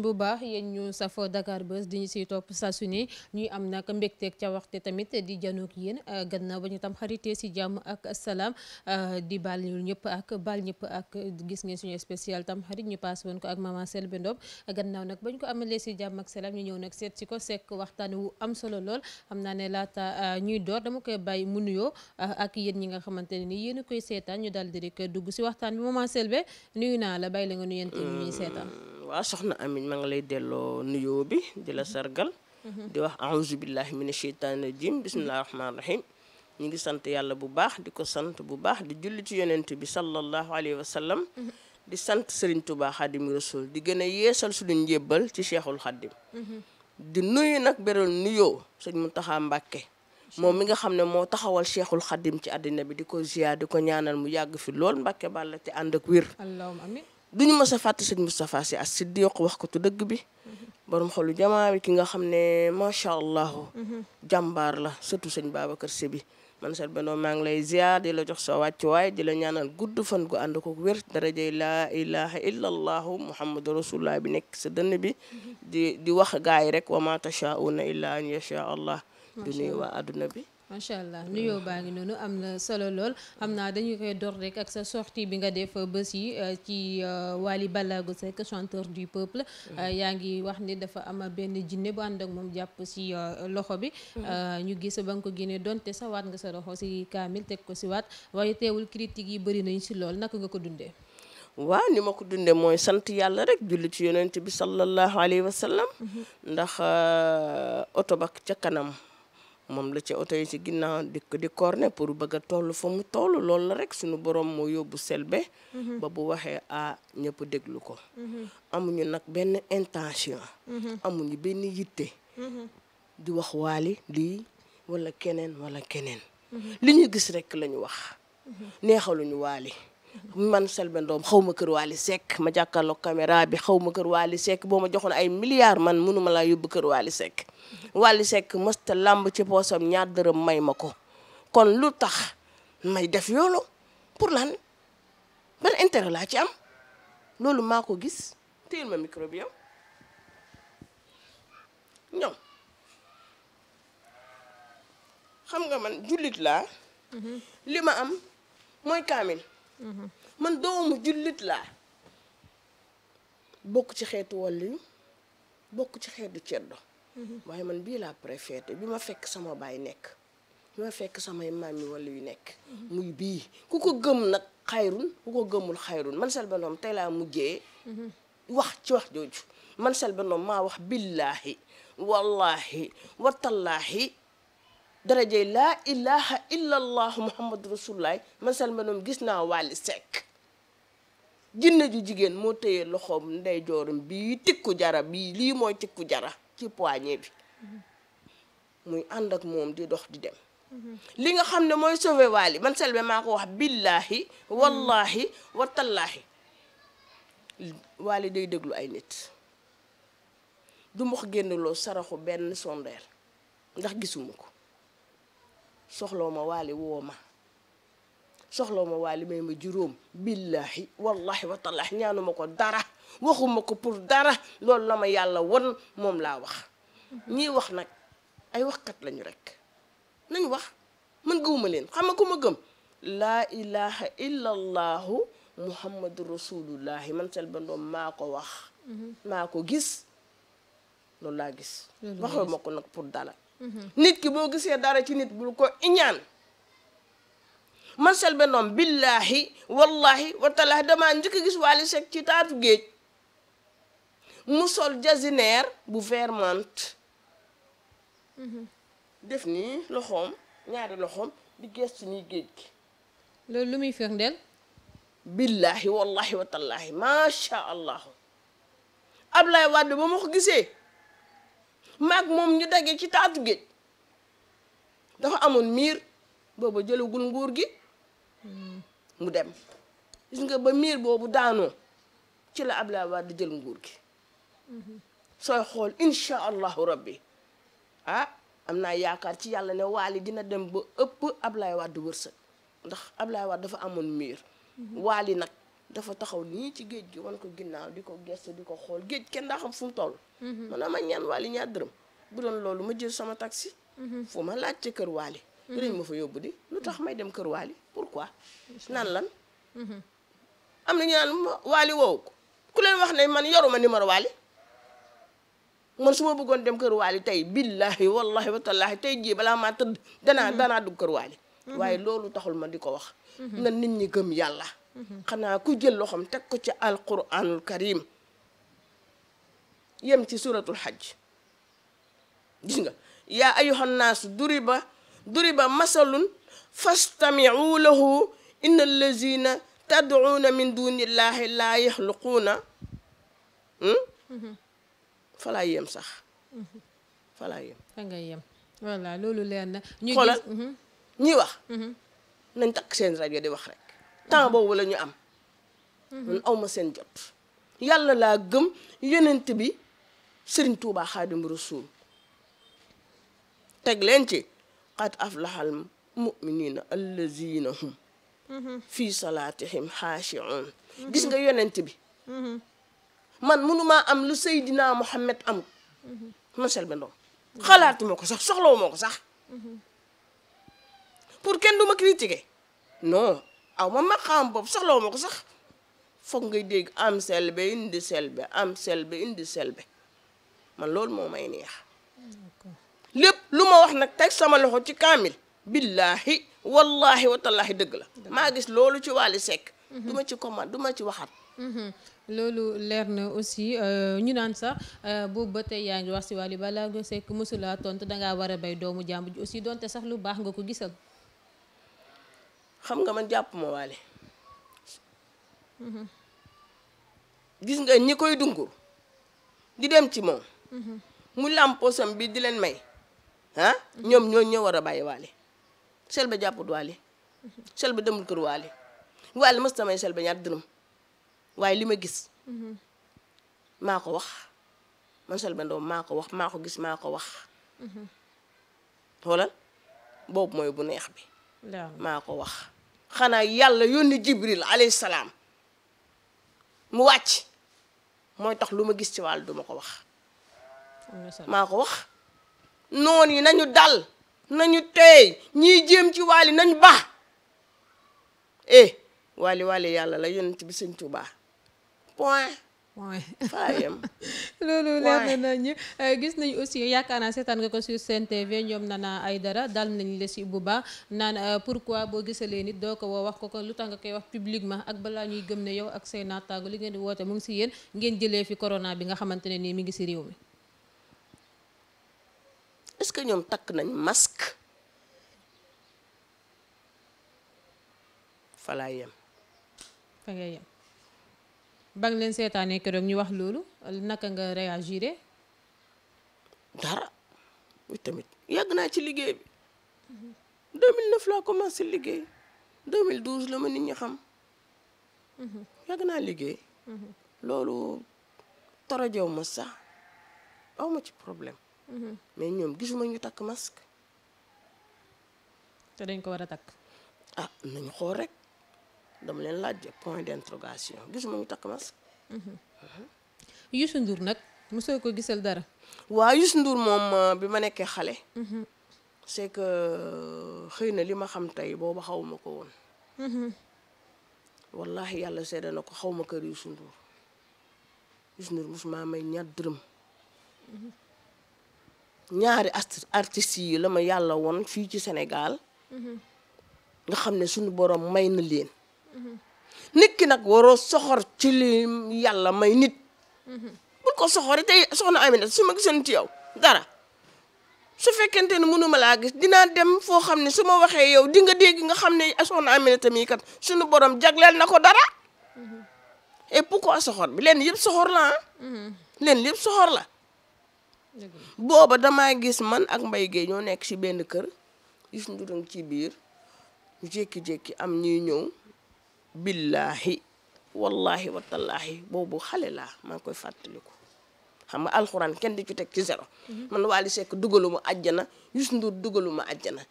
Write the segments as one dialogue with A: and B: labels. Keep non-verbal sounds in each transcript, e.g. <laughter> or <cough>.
A: bu baax yéen ñu safoo Dakar Buzz di ñu si topp saa su ñu ñuy am nag mbégteeg ca waxte tamit di janook yéen euh, gannaaw ba ñu tam xaritee si jàmm ak salaam euh, di baal ñëpp ak baal ñëpp ak gis ngeen suñu spécial tam xarit ñu paas woon ko ak maman Selbé Ndom gannaaw nag bañ ko amalee si jàmm ak salaam ñu ñëw nag seet si ko sekk waxtaan wu am solo lool xam naa ne laata euh, ñuy door dama koy bàyyi mu nuyoo ak yéen ñi nga xamante ne ni yéen a koy seetaan ñu daal di rek dugg si waxtaan bi maman Selbé nuyu naa la bàyyi la nga nuyante ñu
B: waaw soxna Amine maa ngi lay delloo nuyo bi di la sargal. di wax auzu billahi mina sheytaani rajim bismillahi rahmaani rahim. ñu ngi sant yàlla bu baax di ko sant bu baax di julli ci yonent bi sallallahu alayhi wa sallam. di sant Serigne Touba Xaadimu Rasuul di gën a yeesal suñu njébbal ci Cheikhul Xaadim. di nuyu nag beral nuyoo sëñ Muntaxa Mbàkke moom mi nga xam ne moo taxawal cheikhul xadim ci àddina bi di ko ziar di ko ñaanal mu yàgg fi lool mbàkke duñu mës a fàtte sëñ Moustapha Sy as-Siddiq wax ko tu dëgg bi borom xolu jamaa bi ki nga xam ne macha allah. jàmbaar la surtout sëñ Babacar Sy bi man Selbé Ndom maa ngi lay ziar di la jox sa waaye di la ñaanal gudd fan gu ànd ko wér darajay laa ilaha illa allahu muhammadu rasulullah bi nekk sa dënn bi di di wax gaay rek wa ma tashauna illa an yasha allah du nuyu waa adduna bi
A: macha allah nuyoo baa ngi noonu am na solo lool xam naa dañu koy door rek ak sa sortie bi nga def bés yi euh, ci euh, Wally Ballago Seck chanteur du peuple mm. euh, yaa ngi wax ni dafa am benn jinne bu ànd ak moom jàpp si loxo bi mm. ñu gis ba nga génnee donte sa waat nga sa loxo si kaamil teg ko si waat waaye teewul critique yi bëri nañ si lool naka nga ko dundee
B: waaw ni ma ko dundee mooy sant yàlla rek julli ci yonent bi sallallahu alayhi wa sallam mm-hmm. ndax oto ba ca kanam moom la ci oto yi ci ginnaaw di ko di corne pour bëgg a toll fa mu toll loolu la rek suñu borom moo yóbbu selbe mhm. ba bu waxee a ñëpp déglu ko mhm. amuñu nag benn intention mhm. amuñu benn yitte di wax waali lii wala keneen walla keneen li ñu gis rek lañu wax neexaluñu waali man Selbé Ndom xaw ma kër Waly sekk ma jàkkaarloog caméra bi xaw ma kër Waly Seck boo ma joxoon ay milliards man mënuma laa yóbbu kër waali Seck Wally sekk mësta làmb ci poosam ñaar dërëm may ma ko kon lu tax may def yoolu pour lan ban intere laa ci am loolu maa ko gis téel ma micro bi yow xam nga man jullit laa mhm. li ma am mooy kaamil mhm. man doomu jullit laa bokk ci xeetu wàllu bokk ci xeetu ceddo waaye man bii laa préféré bi ma fekk sama baay nekk bi ma fekk samay maam yi wala yu nekk muy bii ku ko gëm nag xayrun ku ko gëmul xayrun man Selbé Ndom tey laa mujjee wax ci wax jooju man Selbé Ndom maa wax billaahi wallaahi watallaahi darajey laa ilaha illa muhammadu rasulullahi man Selbé Ndom gis naa Wally Seck jinne ju jigéen moo téye loxoom ndey jooram bii tikku jara bii lii mooy tikku jara ci poignet bi mm-hmm. muy ànd ak moom di dox di dem
C: mm-hmm. li nga xam
B: ne mooy sauvé Wally man Selbé maa ko wax billaahi mm-hmm. wallaahi watallaahi Wally day déglu ay nit du mbox génnloo saraxu benn sondeel ndax gisuma ko soxloo ma Wally woo ma soxloo ma juróom billaahi wallaahi watallaahi ñaanuma ko dara waxuma ko pour dara loolu la ma yàlla won moom laa wax ñii wax nag ay waxkat lañu rek nañ wax man gëwuma leen xam nga ku ma gëm laa ilaha illa allahu muhammadu rasulullahi man Selbé Ndom maa ko wax mhm. maa ko gis loolu laa gis waxuma ko nag pour dara mhm. nit ki boo gisee dara ci nit bul ko iñaan man Selbé Ndom billahi wallahi watalahi damaa njëkk gis Wally Seck ci taatu géej mu sol jasineer bu vermante mhm. def nii loxoom ñaari loxoom di gestu nii géej gi loolu lu muy firndeel billaahi wallahi wa tallaahi macha allah Ablaye Wade ba ma gisee maag moom ñu dagee ci taatu géej dafa amoon miir booba jëlagul nguur gi hmm. mu dem gis nga ba miir boobu daanoo ci la Ablaye Wade jël nguur gi sooy xool incha allahu rabbi ah am naa yaakaar ci yàlla ne waali dina dem ba ëpp ab Ablaye Wade wërsëg ndax ab Ablaye Wade dafa amoon miir mhm. waali nag dafa taxaw nii ci géej gi wan ko ginnaaw di ko gestu di ko xool géej kenn daa xam fu mu toll
C: mhm. a ama ñaan waali
B: ñaar dërëm bu doon loolu ma jël sama taxi mhm. fu ma laaj ca kër waali dinañ ma fa yóbbu di lu tax may dem kër waali pourquoi naan lan am na ñu naan waali woowu ko ku leen wax ne man yoruma numéro waali man su ma bëggoon dem kër waali tey billahi wallahi watallaahi tey jii balaa maa tëdd danaa mhm. danaa kër waali mhm. waaye loolu taxul ma di ko wax mhm. na nit ñi gëm yàlla xanaa ku jël loxoom teg ko ci alquranul karim yem ci suratul xaj gis nga yaa ayuhan naasu duriba duriba masalun fastamiu lahu min dunillahi laa yaxluquuna
A: hmm?
B: fa laa yem sax fa laa yem
A: fa nga yem voilà na
B: ñu xoolal mhm. ñi wax mhm. nañ takk seen rajo di wax rekk temps mhm. boobu la ñu am man awma seen jot yàlla laa gëm yenent bi sëriñ tuubaa xaadim rasuul teg leen ci qad aflaxal muminina allazina hum fii salaatihim xaashiun gis nga yonent bi man mënumaa am lu Seydina Mohamed amul man Selbé Ndom xalaatuma ko sax soxlawuma ko sax pour kenn du ma critiquer non aw ma maqaam boobu soxlawuma ko sax foog ngay dégg am Selbé indi Selbé am Selbé indi Selbé man loolu moo may neex lépp lu ma wax nag teg sama loxo ci kaamil billaahi wallahi watallaahi dëgg la maa gis loolu ci Wally Seck mhm. du ma ci comment du ma ci waxat
A: mhm. loolu leer na aussi euh, ñu naan sax euh, boobu ba tey yaa ngi wax si Wally Ballago Seck mësulaa tontu dangaa war a bay doomu jàmb ji aussi donte sax lu baax nga ko gisal
B: xam nga man jàpp ma waale mhm. nga ñi koy dungur di dem ci moom mhm. mu làmposam bi di leen may ah mhm. ñoom ñoo ñoo war a bàyyi waale Selbé jàpput waale Selbé demul kër waale waale mës tamay Selbé ñaar dërëm waaye li ma gis. Mhm. maa ko wax man Selbé Ndom maa ko wax maa ko gis maa ko wax. Mhm. xoolal boobu mooy bu neex bi. maa ko wax. xanaa yàlla yoon yónni Jibril alayhi salaam mu wàcc mooy tax lu ma gis ci wàll duma ko wax. maa ko wax. noon yi nañu dal nañu teey ñiy jéem ci wàll nañ ba eh waali yàlla la yonent bi sëñ Tuubaa point.
A: point <laughs> loolu leer na nañu euh, gis nañu aussi yaakaar naa seetaan nga ko sur Sen TV ñoom Nana Aidara dal nañu la si bu baax naan euh, pourquoi boo gisalee nit doo ko woo wax ko ko lu tax nga koy wax publiquement ak balaa ñuy gëm ne yow ak say naataango li ngeen di woote mu ngi si yéen ngeen jëlee fi corona bi nga xamante ne nii mi ngi si réew mi.
B: est que ñoom takk nañ masque fa yem.
A: ba leen seetaanee keroog ñu wax loolu naka nga réagiré.
B: dara tamit yàgg naa ci liggéey bi 2009 laa commencé liggéey 2012 la ma nit ñi xam. yàgg naa liggéey. loolu torojew ma sax aw ma ci problème. mais ñoom gisuma ñu takk mask te dañ ko war a takk. ah nañ xool rek. dama leen laaj point d'interrogation gisuma ñu takk masque.
A: Mm-hmm. Youssou Ndour nag mosoo ko gisal dara. waaw Youssou Ndour moom euh, bi
B: ma nekkee xale. Mm-hmm. c'est que euh, xëy na li ma xam tey boobu xawma ko woon. Mm-hmm. wallahi yàlla seede na ko xaw ma kër Youssou Ndour Youssou Ndour mosuma may ñaar dërëm. ñaari artistes yi la ma yàlla woon fii ci Sénégal. nga xam ne suñu borom may na leen. nit ki nag waroo soxor ci yàlla may nit. bul ko soxori tey soxna Aminata su ma gisoon ci yow dara su fekkente ne mënuma laa gis dinaa dem foo xam ne su ma waxee yow di nga dégg nga xam ne soxna Aminata mii kat suñu borom jagleel na ko dara. et pourquoi soxor bi leen yëpp soxor la ah. leen yëpp soxor la. booba dama gis man ak Mbaye Guèye ñoo nekk ci benn kër. Youssou Ndour ci biir jékki-jékki am ñuy ñëw billaahi wallahi watallaahi boobu xale laa maa ngi koy fàttaliku xam nga alxuraan kenn di ci teg ci zéro mhm. man sekk dugalu Wally Seck dugaluma àjjana Youssou Ndour dugaluma àjjana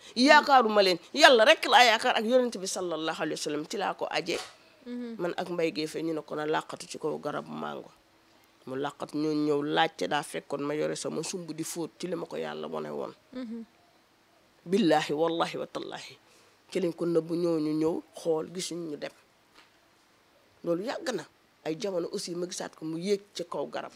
B: ma leen yàlla rek laa yaakaar ak yonent bi sallallahu alayhi wa ci laa ko ajee mhm. man ak mbay gee fee ñu ne ko na làqatu ci kaw garab màngo mu làqatu ñoo ñëw laajte daa fekkoon ma yore sama sumb di fóot ci li ma ko yàlla wane woon mhm. billaahi wallahi watallaahi ci ko nëbb xool gisuñ ñu dem loolu yàgg na ay jamono aussi ma gisaat ko mu yéeg ci kaw garab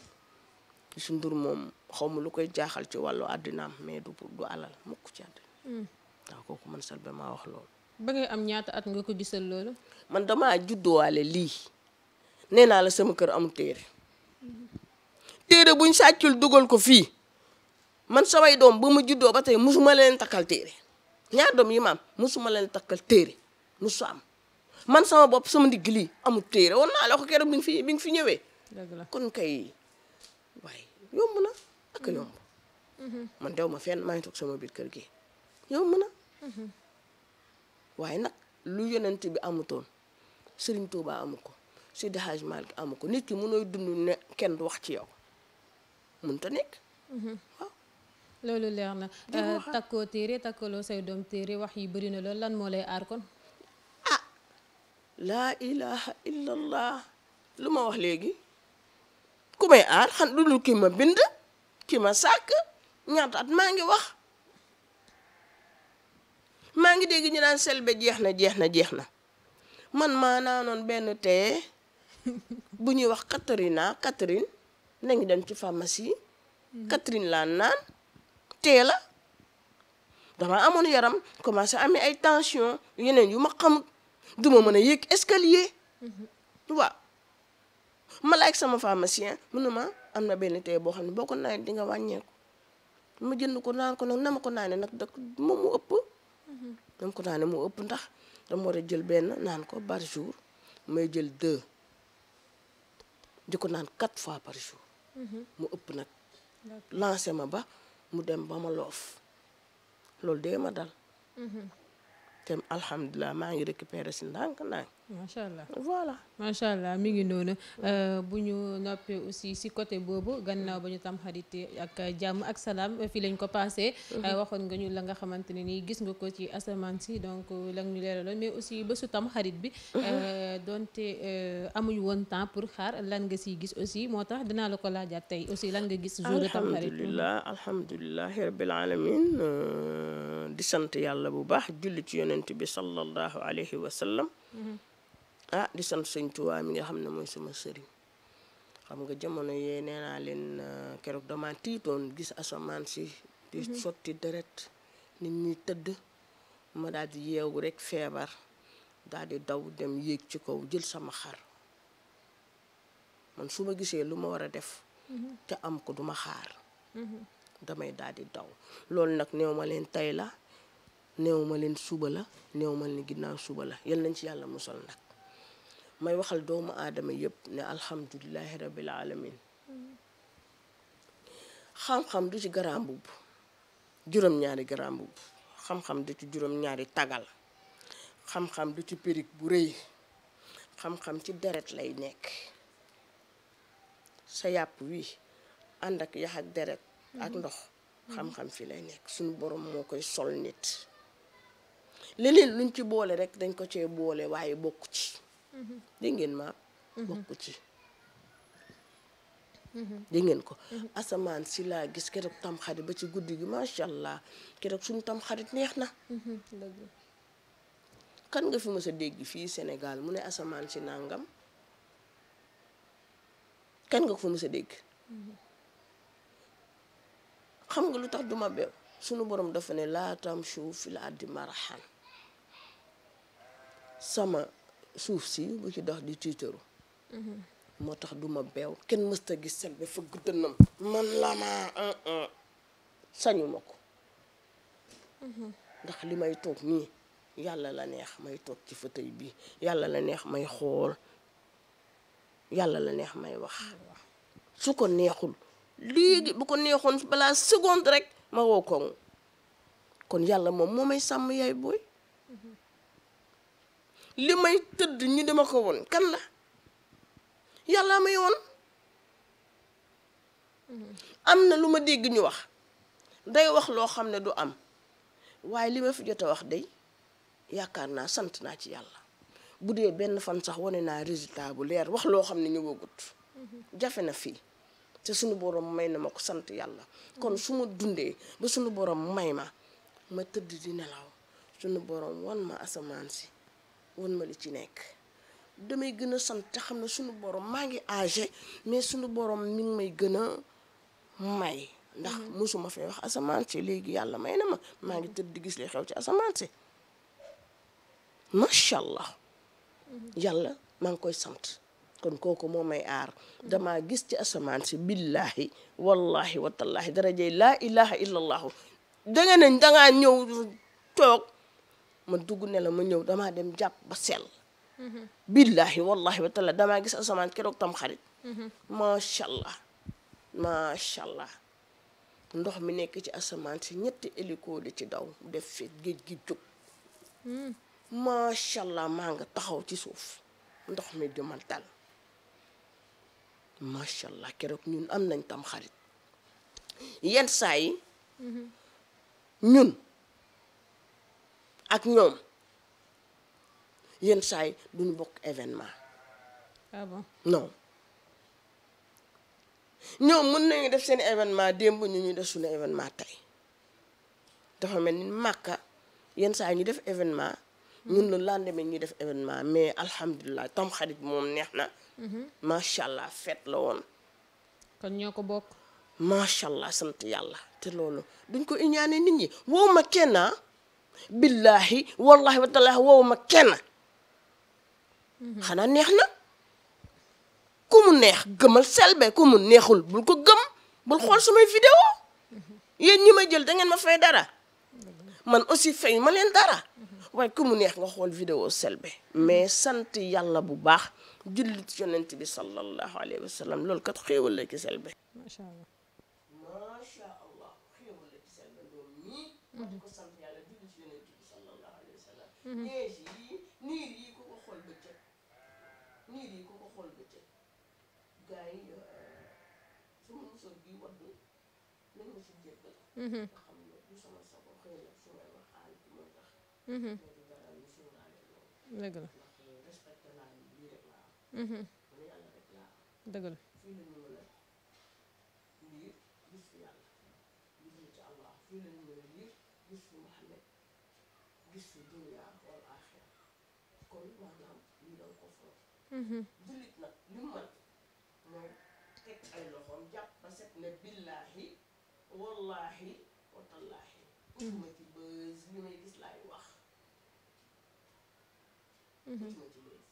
B: Youssou Ndour moom xaw ma lu koy jaaxal ci wàllu àddinaam mais du du alal mukk ci àddina hmm. man Selbé maa wax loolu
A: ba ngay am ñaata
B: at nga ko gisal loolu man damaa judduwaale lii nee naa la sama kër amul téere téere buñ sàccul dugal ko fii man samay doom ba ma juddoo ba tey musuma leen takkal téere ñaar doom yi ma am musuma leen takkal téere musu am man sama bopp sama ndigg lii amul téere woon naa la ko keroog bi nga fi bi fi ñëwee. dëgg la kon kay waaye yomb na ak yomb. Mm-hmm. Mm-hmm. man dew ma fenn maa ngi sama biir kër gi yomb na. Mm-hmm. waaye nag lu yonent bi amutoon Serigne Touba amu ko Seydi Hadji Malick amu ko nit ki mënooy dund kenn du wax ci yow mënut a nekk.
A: waaw. loolu leer na. Euh, takkoo téere takkaloo say doom téere wax yi bëri na loolu lan moo lay aar kon.
B: laa ilaha illallah lu ma wax léegi ku may aar xan dudul ki ma bind ki ma sàkk ñaata at maa ngi wax maa ngi dégg ñu naan sel selbe jeex na jeex na jeex na man maa naanoon benn tee <laughs> bu ñuy wax Katrina Catherine na ngi dem ci pharmacie Catherine hmm. laa naan tee dama amoon yaram commencé amee ay tension yeneen yu ma xamut du ma mën a yéeg escalier mm-hmm. tu vois ma laaj sama pharmacien mu ne ma am na benn tey boo xam ne boo ko naanee di nga wàññeeku ma jënd ko naan ko nag na ma ko naanee nag da moom mu ëpp
C: dama mm-hmm.
B: ko naanee ëpp ndax dama war a jël benn naan ko par jour may jël deux di ko naan quatre fois par jour mm-hmm. mu ëpp nag lancé ma ba mu dem ba ma loof loolu dee ma dal te alhamdulilah maa ngi récupéré si ndànk-ndànk
A: macha allah voilà macha allah mi ngi noonu euh, bu ñu noppee aussi si côté boobu gannaaw ba ñu tam xarit ak jàmm ak salaam fii lañ ko passé mhm. euh, waxoon nga ñu la nga xamante ne nii gis nga ko ci asamaan si donc euh, la ñu leeraloon mais aussi bésu tam xarit bi mhm. donte amuñu woon temps pour xaar lan nga siy gis aussi moo tax dinaa la ko laajaat tey aussi lan nga gis jour de tam xarit alhamdulilah
B: alhamdulilahi rabbil di sant yàlla bu baax julli ci yonent bi sallallahu alayhi wa sallam mhm. ah di sant sëñ Tuubaa mi nga xam ne mooy suma sëriñ xam nga jamono yee nee naa leen ah, keroog dama tiitoon gis asamaan si di mhm. sotti deret nit ñi tëdd ma daal di yeewu rek feebar daal di daw dem yéeg ci kaw jël sama xar man su gisee lu ma war a def mhm. te am ko duma xaar mhm. damay daal di daw loolu nag néew ma leen tey la neew ma leen suba la néew ma leen ginnaaw suba la yal nañ ci yàlla musal nag may waxal doomu aadama yépp ne alhamdulilahi rabbil alamin xam-xam du ci garambub juróom-ñaari garambub xam-xam du ci juróom-ñaari tagal xam-xam du ci périg bu rëy xam-xam ci deret lay nekk sa yàpp wi ànd ak yax ak deret ak ndox xam-xam fi lay nekk suñu borom moo koy sol nit leneen luñ ci boole rek dañ ko cee boole waaye bokk ci dégg ngeen ma mhm. bokk ci
C: mhm. dégg ngeen
B: ko mhm. asamaan si laa gis keroog tamxarit ba ci guddi gi macha allah keroog suñu tamxarit neex na kan nga fi mës a dégg fii Sénégal mu ne asamaan si nàngam kan nga ko fa dégg xam nga lu tax duma beew sunu boroom dafa ne laatam suuf fi la àddi maraxan sama suuf si bu ci dox di tiitaru mhm. moo tax du ma beew kenn mësta gis Selbé fa guddanam man la maa sañu ma ko mhm. ndax li may toog nii yàlla la neex may toog ci fa fauteuil bi yàlla la neex may xool yàlla la neex may wax su ko neexul léegi bu ko neexoon balaa seconde rek ma woo kon yàlla moom moo may sàmm yaay booy mhm. li may tëdd ñu dama ko woon kan la yàlla may woon am na lu ma dégg ñu wax day wax loo xam ne du am waaye li ma fi jot wax day yaakaar naa sant naa ci yàlla bu dee benn fan sax wane naa résultat bu leer wax loo xam ne ñu wëggut jafe na fii te suñu boroom may na ma ko sant yàlla kon su ma dundee ba suñu boroom may ma ma tëdd di nelaw suñu borom wan ma asamaan si wan ma li ci nekk damay gën a sant te xam na suñu borom maa ngi âgé mais suñu borom mi ngi may gën a may ndax mosuma mm-hmm. fee wax asamaan si léegi yàlla may na ma maa ngi tëdd di gis li xew ci asamaan si macha allah mm-hmm. yàlla maa ngi koy sant kon kooku moo may aar mm-hmm. dama gis ci asamaan si billahi wallahi watallahi darajey laa ilaha illa allahu da nga ne dangaa ñëw toog ma dugg ne la ma ñëw damaa dem jàpp ba sel mhm. billaahi wallahi wa taala damaa gis asamaan keroog tam xarit. Mhm. macha allah macha allah ndox mi nekk ci asamaan si ñetti hélico di ci daw def fi géej gi jóg. Mhm. macha allah maa nga taxaw ci suuf ndox mi di ma dal macha allah keroog ñun am nañ tam xarit yenn saa yi ñun. ak ñoom yenn saay yi duñu bokk événement. Ah no ñoom mën nañu def seen événement démb ñu ñu def suñu événement tey dafa mel ni màkka yenn saa ñu def événement. ñun le lendemain ñu def événement mais alhamdulilah tam xarit moom neex na. Mhm. macha allah fête la woon. kon ñoo ko bokk. macha allah sant yàlla te loolu duñ ko iñaane nit ñi wow ma kenn ah. billahi wallahi wa taala ma kenn xanaa neex na ku mu neex gëmal Selbé ku mu neexul bul ko gëm bul xool samay vidéo yéen ñi may jël da ngeen ma fay dara man aussi fay ma leen dara waaye ku mu neex nga xool vidéo Selbé mais sant yàlla bu baax jullit yonent bi sallallahu alayhi wa sallam kat xéewal la ci Selbé macha allah macha allah xéewal la ci Selbé loolu neige mm-hmm. yi niir yi ku ko xool bëccëg niir yi ku ko xool bëccëg gars yi euh, sama musóor bii wadd nañ ma si jéggal mm-hmm. nga xam ne du sama sago xëy na su may wax aal bi moo tax mm-hmm. mais du dara lu suuraale loolu dëgg la ndax euh, respecté naa ni lii rek laa am man yàlla rek laa am dëgg la fii la ñu mën a liir gis fi yàlla gis fi ci Allah fii la ñu mën a liir gis fi Muhammad gis fi duniyaa wal axira kon maanaam lii danga ko foog mm-hmm. jullit nag li mu mën mooy teg ay loxoom jàpp ba set ne billaahi wallaahi watallaahi utuma ci bës li may gis laay wax mm-hmm. utuma ci bës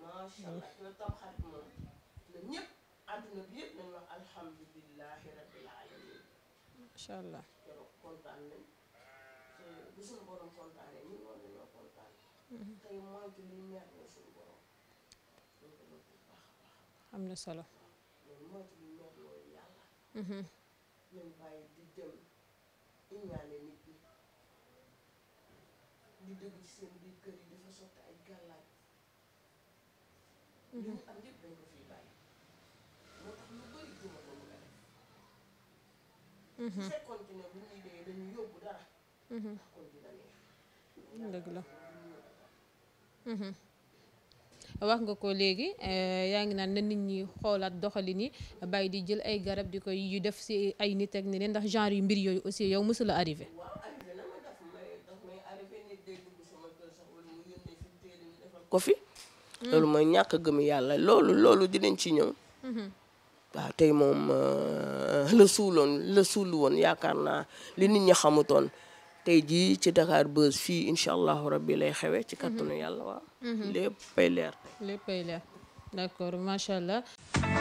B: macha tam xarit moom la ñëpp àdduna bi yëpp nañ wax alhamdulillahi rabbil alamin macha allah bu suñu borom am na solo. di dem dëgg ci seen biir kër yi dafa sotti ay gàllaaj. li mu ko fiy yóbbu dara. dëgg
A: la. wax nga ko léegi eh, yaa ngi naan na nit ñi xoolaat doxalin yi bàyyi di jël ay garab di koy yu def si ay nit ak neneen ndax genre yu mbir yooyu
B: aussi yow mësul a arrivé. ko mmh. loolu mooy ñàkk gëm yàlla loolu loolu dinañ ci ñëw. Mmh. waaw tey moom euh, la suuloon suulu woon yaakaar naa li nit ñi xamutoon. tey jii ci Dakar Buzz fii incha allahu rabbi lay xewee. ci mhm. kattanu yàlla waaw. Mhm. léppay leer.
A: léppay leer d'accord macha allah.